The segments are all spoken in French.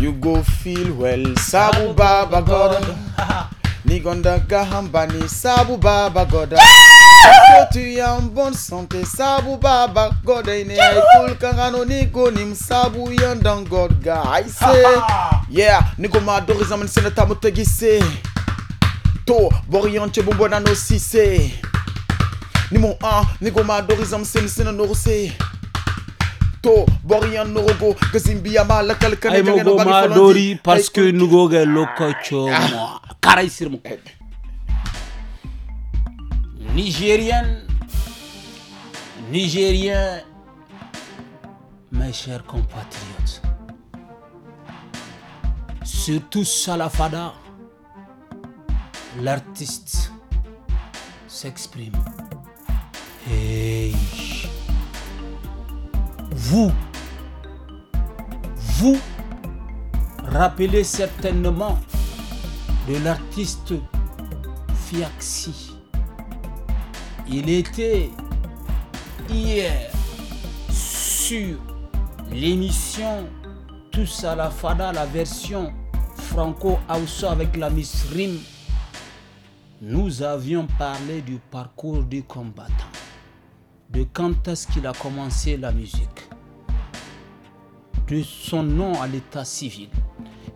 You go feel well, sabou baba god Ni ganda gahan bani, sabou baba god Ase yo tu yon bon sante, sabou baba god Aine koul kan gano ni gounim, sabou yon dan god ga Aise, yeah, ni goma dorizan men se neta moutegi se To, boryan che bombo nan osise Ni mou an, ni goma dorizan men se neta norose to mon norogo gazimbiyama lakal kane dori parce que nous lokocho mo ah. karay sir mo nigérien nigérien mes chers compatriotes surtout Salafada l'artiste s'exprime hey vous vous rappelez certainement de l'artiste Fiaxi. Il était hier sur l'émission Tous à la Fada, la version franco Ausso avec la Miss Rim. Nous avions parlé du parcours du combattant, de quand est-ce qu'il a commencé la musique son nom à l'état civil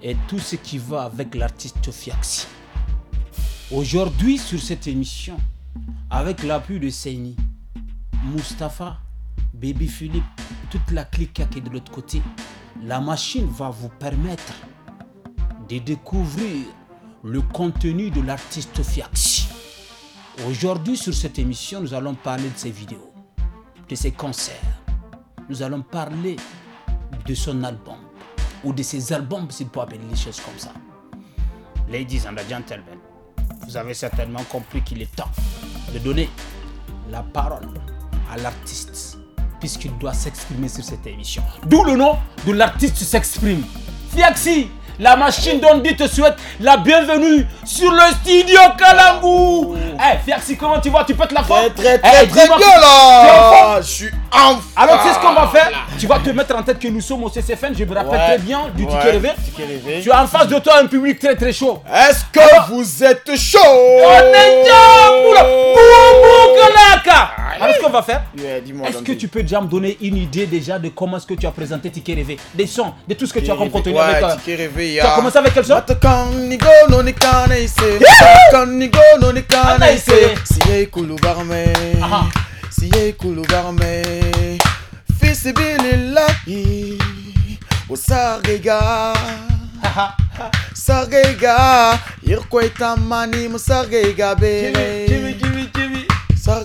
et tout ce qui va avec l'artiste Fiaxi. Aujourd'hui, sur cette émission, avec l'appui de Seini, Mustapha, Baby Philippe, toute la clique qui est de l'autre côté, la machine va vous permettre de découvrir le contenu de l'artiste Fiaxi. Aujourd'hui, sur cette émission, nous allons parler de ses vidéos, de ses concerts. Nous allons parler de son album ou de ses albums, s'il peut appeler les choses comme ça. Ladies and gentlemen, vous avez certainement compris qu'il est temps de donner la parole à l'artiste puisqu'il doit s'exprimer sur cette émission. D'où le nom de l'artiste s'exprime. Fiaxi la machine d'Andy te souhaite la bienvenue sur le studio Kalangu. Eh, hey, comment tu vois Tu pètes la forme Très, très, eh, très, très bien là Je suis en forme Alors, tu sais ce qu'on va faire Tu vas te mettre en tête que nous sommes au CCFN, je me rappelle très bien, du ticket, rêvé. Tu as en face de toi un public très, très chaud. Est-ce que vous êtes chaud On est chaud pour le Boubou Kalaka alors, ah, ce qu'on va faire, eh, est-ce que tu peux déjà me donner une idée déjà de comment est-ce que tu as présenté Ticket Rêvé Des sons, de tout ce que tu as rencontré. ouais, avec. Euh, tu as commencé avec quel Merci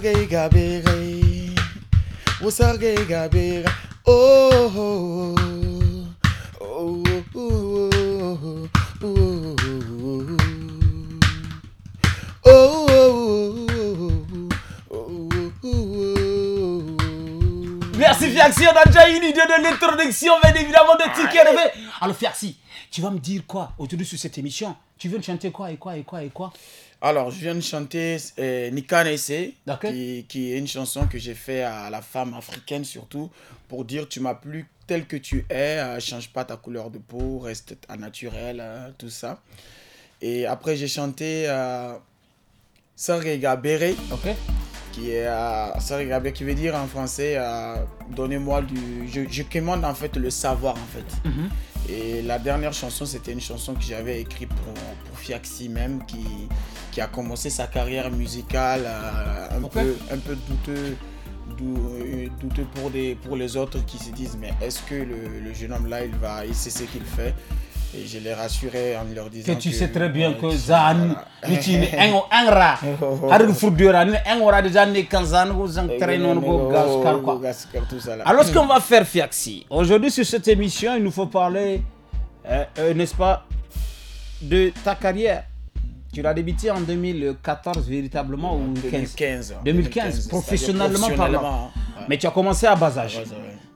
Fiaxi, on a déjà eu une idée de l'introduction, bien évidemment, de Ticket Alors Fiaxi, tu vas me dire quoi aujourd'hui sur cette émission Tu veux me chanter quoi et quoi et quoi et quoi alors, je viens de chanter euh, Nikanese, qui, qui, est une chanson que j'ai fait à la femme africaine surtout, pour dire tu m'as plu tel que tu es, euh, change pas ta couleur de peau, reste à naturel, hein, tout ça. Et après, j'ai chanté euh, Bere. Béré qui est qui veut dire en français euh, donnez-moi du. Je, je, commande en fait le savoir en fait. Mhm. Et la dernière chanson, c'était une chanson que j'avais écrite pour, Fiaxi même, qui, a commencé sa carrière musicale euh, un, peu, un peu douteux, euh, douteux pour, des, pour les autres qui se disent mais est-ce que le, le jeune homme là, il, va, il sait ce qu'il fait et je les rassurais en leur disant que... tu sais très bien que Zan, un rat. Oh, oh, oh. Harg un rat de Zan, Kanzan, vous entraînons vos Gaskar, quoi. tout ça là. Alors, ce qu'on hmm. va faire, Fiaxi, aujourd'hui sur cette émission, il nous faut parler, euh, euh n'est-ce pas, de ta carrière. Tu l'as débuté en 2014 véritablement ou 2015 2015, 2015 professionnellement, professionnellement parlant. Hein. Mais tu as commencé à bas âge.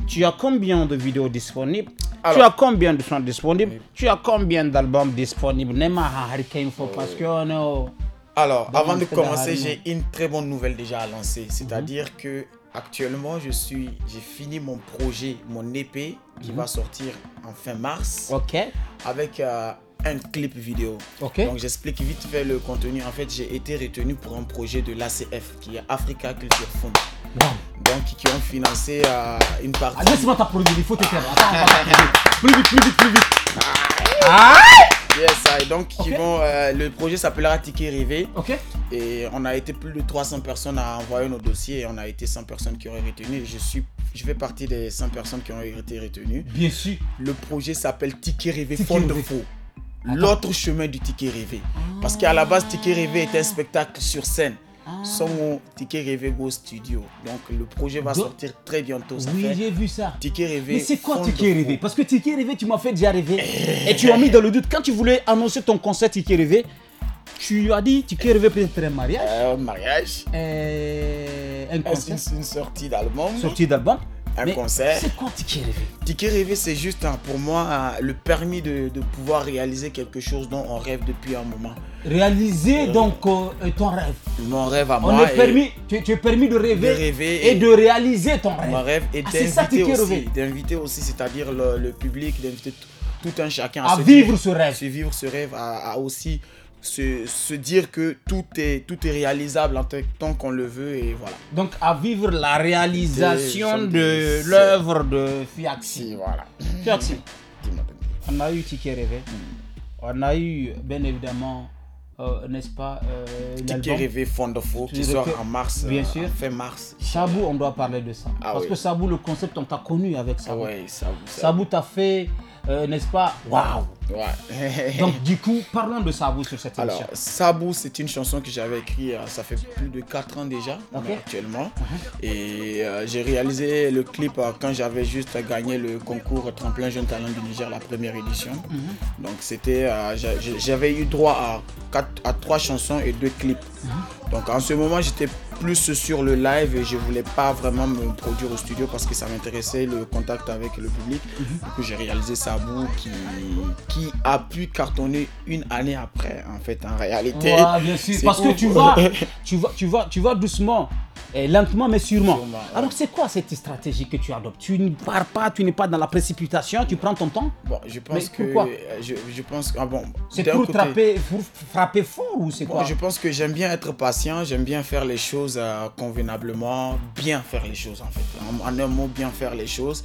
tu as combien de vidéos disponibles tu as combien de sons disponibles Tu as combien d'albums disponibles Neymar a Info parce oh, Alors, avant de commencer, j'ai une très bonne nouvelle déjà à lancer. C'est-à-dire mhm. que actuellement, je suis, j'ai fini mon projet, mon épée qui mhm. va sortir en fin mars. Ok. Avec euh, un clip vidéo. Donc j'explique vite fait le contenu. En fait, j'ai été retenu pour un projet de l'ACF, qui est Africa Culture Fund. Donc qui ont financé euh, une partie. Ah, laisse-moi t'applaudir, il faut te faire. plus vite, plus vite, plus vite. Ah. Ah. Yes, I. donc qui vont, euh, le projet s'appellera Ticket Rivé. OK. Et on a été plus de 300 personnes à envoyer nos dossiers et on a été 100 personnes qui ont retenues. Je suis je fais partie des 100 personnes qui ont été retenues. Bien sûr. Le projet s'appelle Ticket Rêvé Fund de Faux l'autre chemin du ticket rêvé. Parce qu'à la base, ticket rêvé était un spectacle sur scène. Sans ah. Son Ticket Rêvé Go Studio. Donc le projet va sortir très bientôt. oui, j'ai vu ça. Ticket Rêvé. Mais c'est quoi Ticket Rêvé Parce que Ticket Rêvé, tu m'as fait déjà rêver. Eh. Et tu as mis dans le doute. Quand tu voulais annoncer ton concert Ticket Rêvé, tu as dit Ticket Rêvé peut un mariage. Euh, mariage. Euh, un concert. Une, une sortie d'album. Sortie d'album un Mais concert. C'est quoi Ticket Rêvé Ticket Rêver, c'est juste hein, pour moi euh, le permis de, pouvoir réaliser quelque chose dont on rêve depuis un moment. Réaliser euh, donc euh, ton rêve. Mon rêve à on moi. Est permis, tu, es permis de rêver, et, de réaliser ton rêve. Mon rêve et ah, d'inviter aussi, d'inviter aussi, c'est-à-dire le, public, d'inviter tout un chacun à, vivre, ce rêve. À vivre ce rêve, à aussi se, dire que tout est, tout est réalisable en tant qu'on le veut et voilà. Donc à vivre la réalisation de, l'œuvre de Fiaxi. Voilà. Fiaxi, on a eu Ticket Rêvé, mm. on a eu bien évidemment, euh, n'est-ce pas, euh, Ticket Rêvé Fond qui sort en mars, bien euh, sûr. fait fin mars. Sabou, on doit parler de ça. Ah Parce que Sabou, le concept, on t'a connu avec Sabou. Ah ouais, Sabou, t'a fait, euh, n'est-ce pas, waouh! Donc du coup, parlons de Sabou sur cette émission. Alors, Sabou, c'est une chanson que j'avais écrite, euh, ça fait plus de 4 ans déjà, actuellement. Uh-huh. Et euh, j'ai réalisé le clip euh, quand j'avais juste gagné le concours Tremplin Jeune Talent du Niger, la première édition. Uh-huh. Donc c'était, j'avais eu droit à, 4, à 3 chansons et 2 clips. Uh-huh. Donc en ce moment, j'étais plus sur le live et je voulais pas vraiment me produire au studio parce que ça m'intéressait le contact avec le public. Mhm. Du coup, j'ai réalisé Sabou qui, qui a pu cartonner une année après, en fait, en réalité. bien sûr, parce que tu vois tu vois tu vas, tu vas doucement lentement mais sûrement. Alors c'est quoi cette stratégie que tu adoptes Tu ne pars pas, tu n'es pas dans la précipitation, tu prends ton temps je pense que... Pourquoi je, pense bon, C'est pour, frapper, fort ou c'est quoi Je pense que j'aime bien être patient, j'aime bien faire les choses euh, convenablement, bien faire les choses en fait. en un mot, bien faire les choses.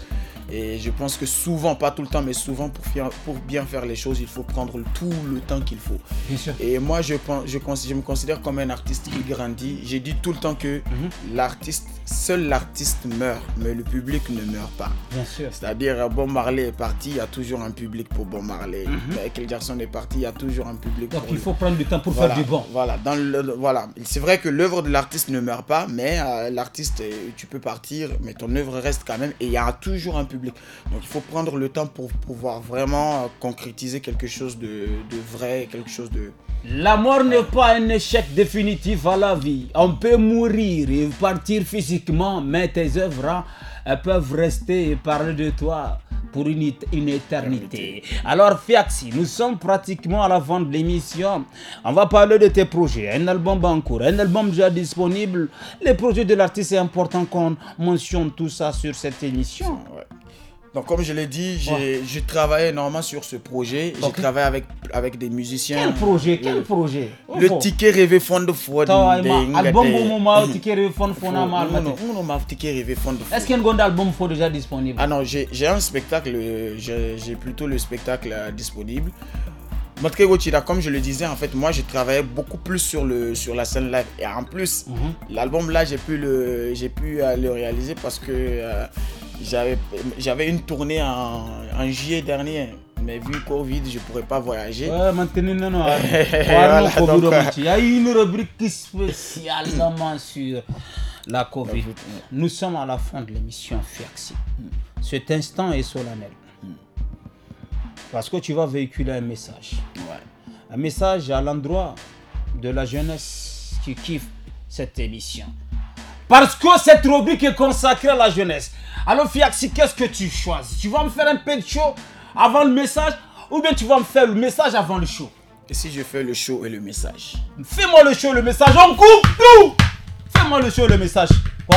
Et je pense que souvent, pas tout le temps, mais souvent, pour, faire, pour bien faire les choses, il faut prendre tout le temps qu'il faut. Bien sûr. Et moi, je, je, je, me considère comme un artiste qui grandit. J'ai dit tout le temps que mhm. l'artiste, seul l'artiste meurt, mais le public ne meurt pas. Bien sûr. C'est-à-dire, euh, Bon Marley est parti, il y a toujours un public pour Bon Marley. Mm -hmm. garçon est parti, il y a toujours un public Donc, il faut prendre du temps pour faire du bon. Voilà. Dans le, voilà. C'est vrai que l'œuvre de l'artiste ne meurt pas, mais euh, l'artiste, euh, tu peux partir, mais ton œuvre reste quand même. Et il y a toujours un public donc il faut prendre le temps pour pouvoir vraiment euh, concrétiser quelque chose de, vrai, quelque chose de... La mort n'est pas un échec définitif à la vie. On peut mourir et partir physiquement, mais tes œuvres hein, peuvent rester et parler de toi pour une, éternité. Alors Fiaxi, nous sommes pratiquement à la fin de l'émission. On va parler de tes projets. Un album en cours, un album déjà disponible. Les projets de l'artiste, c'est important qu'on mentionne tout ça sur cette émission. Donc, comme je l'ai dit, j'ai je travaille énormément sur ce projet. j'ai Je travaille avec, avec des musiciens. Quel projet Quel le, projet Le ticket rêvé fond de foi. Album moment, mmh. ticket rêvé fond de mmh. Mmh. ticket rêvé fond de foi. Est-ce qu'il y a un album fond déjà disponible Ah non, j'ai un spectacle, j'ai plutôt le spectacle euh, disponible. Matke Gotira, comme je le disais, en fait, moi, je travaillé beaucoup plus sur, le, sur la scène live. Et en plus, l'album là, j'ai pu, le, pu euh, le réaliser parce que euh, j'avais une tournée en, juillet dernier. Mais vu Covid, je ne pourrais pas voyager. Ouais, maintenant, non, euh, il y a une rubrique spéciale sur la COVID. Nous sommes à la fin de l'émission Fiaxi. Cet instant est solennel. Parce que tu vas véhiculer un message. Un message à l'endroit de la jeunesse qui kiffe cette émission. Parce que cette rubrique est consacrée à la jeunesse. Alors Fiaxi, qu'est-ce que tu choisis Tu vas me faire un peu show avant le message ou bien tu vas me faire le message avant le show Et si je fais le show et le message Fais-moi le show et le message, on coupe Fais-moi le show et le message. Ouais.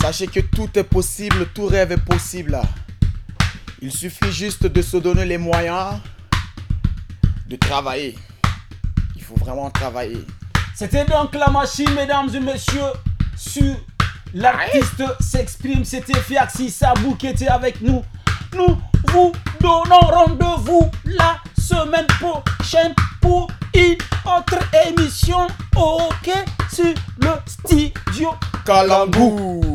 Sachez que tout est possible, tout rêve est possible. Il suffit juste de se donner les moyens de travailler. Il faut vraiment travailler. C'était donc la machine, mesdames et messieurs, sur l'artiste s'exprime. C'était Fiaxi Sabou qui était avec nous. Nous vous donnons rendez-vous la semaine prochaine pour une autre émission. Ok, sur le studio Kalambu